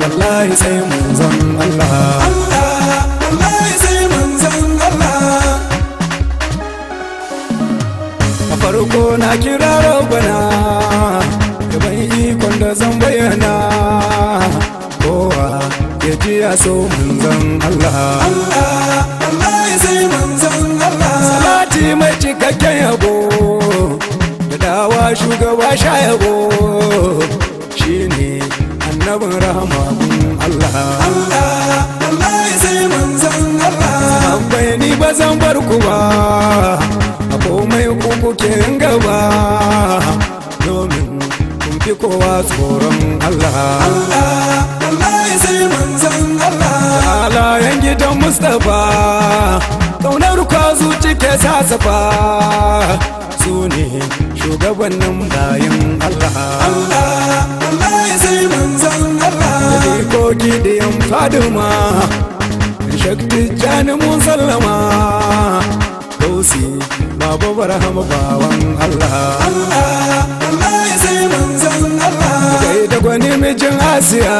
wallahi sai manzon Allah Allah wallahi sai manzon Allah a farko na kira rabbana ba bar ku a komai ku kuke gaba domin kun fi kowa tsoron Allah Allah Allah ya sai manzon Allah Allah yan gidan Mustapha kaunar ka zuci ke sasafa su ne shugabannin bayan Allah Allah Allah ya sai manzon Allah da ko da yan shakti jani mun sallama dausi babu barham bawan Allah Allah ya sai manzon Allah kai da gwani mijin Asiya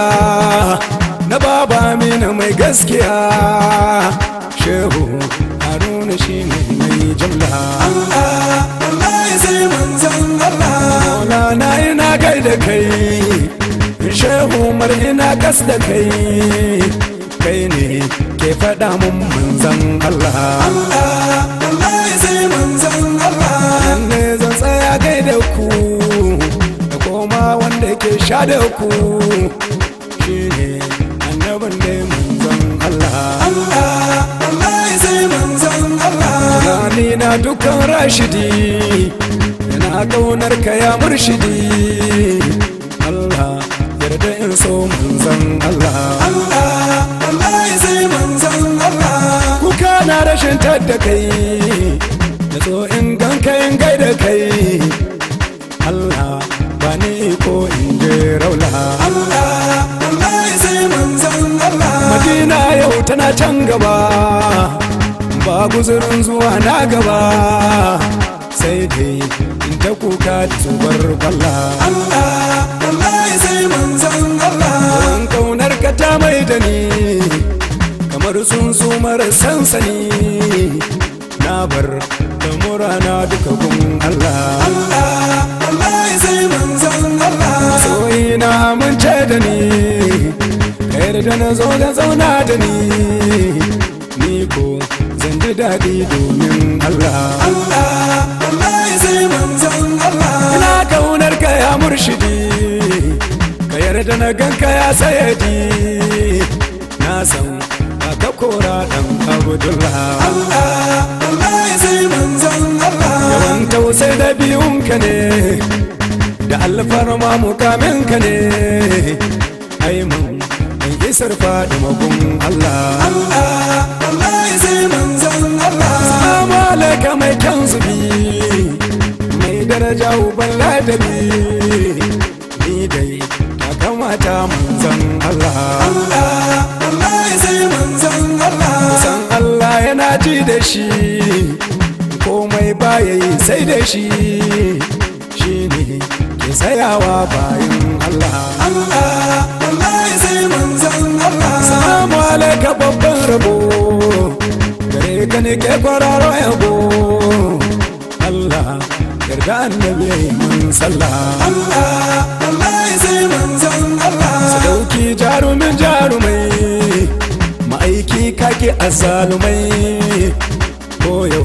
na baba mina mai gaskiya shehu haruna shi ne mai jimla Allah Allah ya sai manzon Allah na ina kai da kai shehu mar ina kas da kai kai ne ke faɗa mun manzan Allah Allah ya sai manzan Allah ne zan tsaya gai da ku da koma wanda ke sha da ku shine annabin da manzan Allah Allah Allah ya sai manzan Allah gani na dukkan rashidi yana kaunar ka ya murshidi Allah yarda in so manzan Allah Allah rashin tadda kai da so in ganka in da kai Allah ba ni ko in je raula Allah Allah sai manzon Allah Madina yau tana can gaba ba guzurin zuwa na gaba sai dai in ta kuka da Allah Allah tsuntsu mara sansani na bar da murana duka gun Allah Allah ya sai manzan Allah soyi na amince da ni kai da na zo da zauna da ni ni ko zan ji daɗi domin Allah Allah Allah ya sai manzan Allah ina kaunar ka ya murshidi ka yarda na ganka ya sayadi na san kora dan abdullah Allah Allah ya sai manzon Allah yawan tausai da biyun ka ne da alfarma mukamin ka ne ai mun an isar fadi magun Allah Allah Allah ya sai manzon Allah sama laka mai kan zubi mai daraja uban ladabi ni dai ta kamata manzon Allah Allah shi komai baya yi sai dai shi shi ne ke tsayawa bayan Allah Allah Allah ya sai manzan Allah salamu alaika babban rabo gare ka ne ke kwararo yabo Allah yarda annabi ya yi man sallah Allah Allah ya sai manzan Allah sadauki jarumin jarumai ma'aiki kake azalumai koyo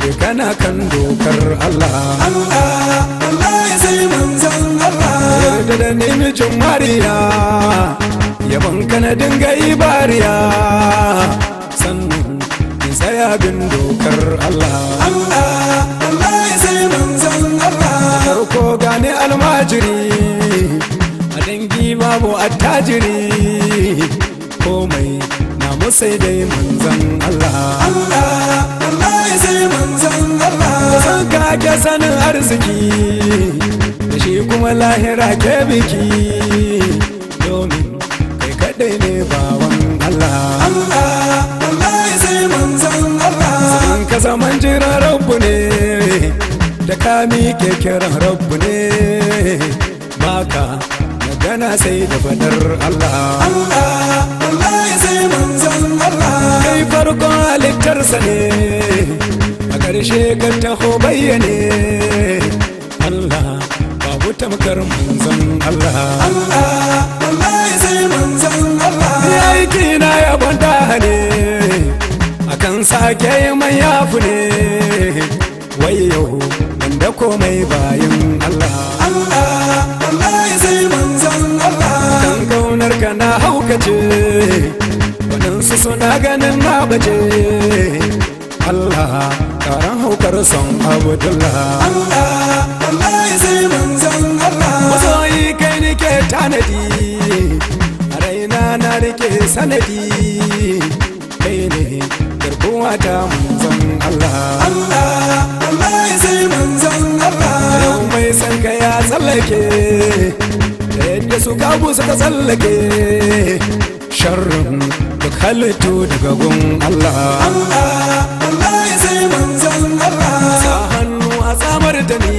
shi kana kan dokar Allah Allah Allah ya sai manzon Allah yarda da ni mijin Mariya yaban kana dinga yi bariya, sannan ki tsaya bin dokar Allah Allah Allah ya sai manzon Allah ko gane almajiri a dangi babu attajiri komai ko sai dai manzan Allah Allah Allah ya sai manzan Allah san ka ke sanin arziki da shi kuma lahira ke biki domin kai kaɗai ne bawan Allah Allah Allah ya sai manzan Allah Zan ka zaman jiran rabbu ne da kami ke kiran rabbu ne baka magana sai da fadar Allah Allah Allah ya sai manzan kai farkon halittarsa ne a ƙarshe ka taho bayyane Allah babu tamkar manzan Allah Allah Allah ya sai manzan Allah ya aiki na ya da ne a kan sake mai yafu ne wai yau wanda komai bayan Allah Allah Allah ya sai manzan Allah kan kaunar ka na haukace su suna ganin na baje Allah karan haukar son abdullah Allah Allah ya sai zan Allah masoyi kai nake tanadi raina na rike sanadi kai ne garkuwa ta manzon Allah Allah Allah ya sai zan Allah yau mai san ka ya tsallake da yadda su kabu suka tsallake sharrin halittu daga gun Allah Allah ya sai manzan Allah sa hannu a tsamar da ni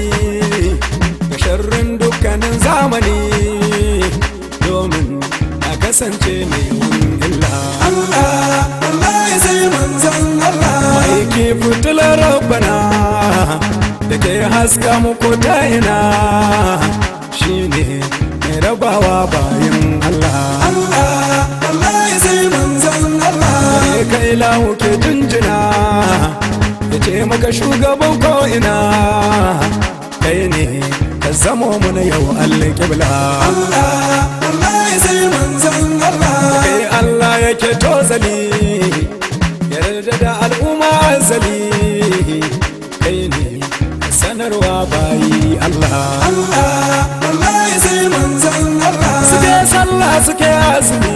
da sharrin dukkanin zamani domin a kasance mai illa Allah Allah ya sai manzan Allah mai ke fitilar rabbana da ke haska muku ta ina ne mai rabawa bayan Allah Allah kai lahu ke jinjina ya ce maka shugaban ko'ina kai ne ka zamo mana yau Allah kibla Allah Allah ya sai manzan Allah kai Allah yake tozali yarda da al'umma azali kai ne ka sanarwa bayi Allah Allah Allah ya sai manzan Allah suke sallah suke azumi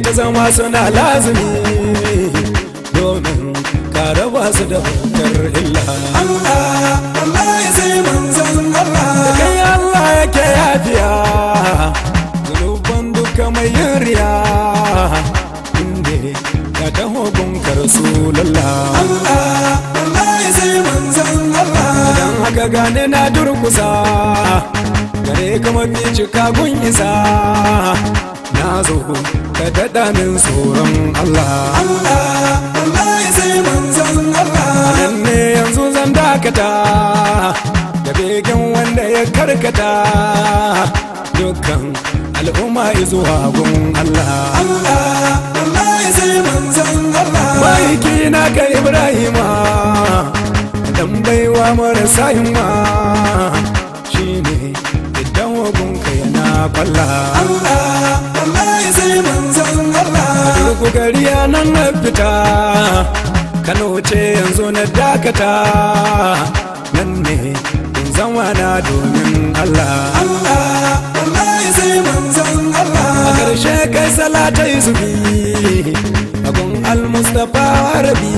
ta zama suna lazumi domin kare wasu da bukar illa Allah Allah ya sai Allah da Allah yake yafiya zunuban duka mai yin riya inda ya taho bunkar Allah Allah ya sai Allah haka gane na durkusa gare kuma ni cika gun isa na zo ka daɗa min tsoron Allah Allah Allah ya sai manzon Allah nan ne yanzu zan dakata da begen wanda ya karkata dukkan al'umma ya zuwa gun Allah Allah Allah ya sai manzon Allah maiki na ga Ibrahima dan baiwa marasa himma shine idan wagun ka yana kwalla Allah Allah babu gari nan na fita kano ce yanzu na dakata nan ne in zama na domin allah allah allah sai manzon allah a ƙarshe kai salatai zubi agun al-mustapha rabi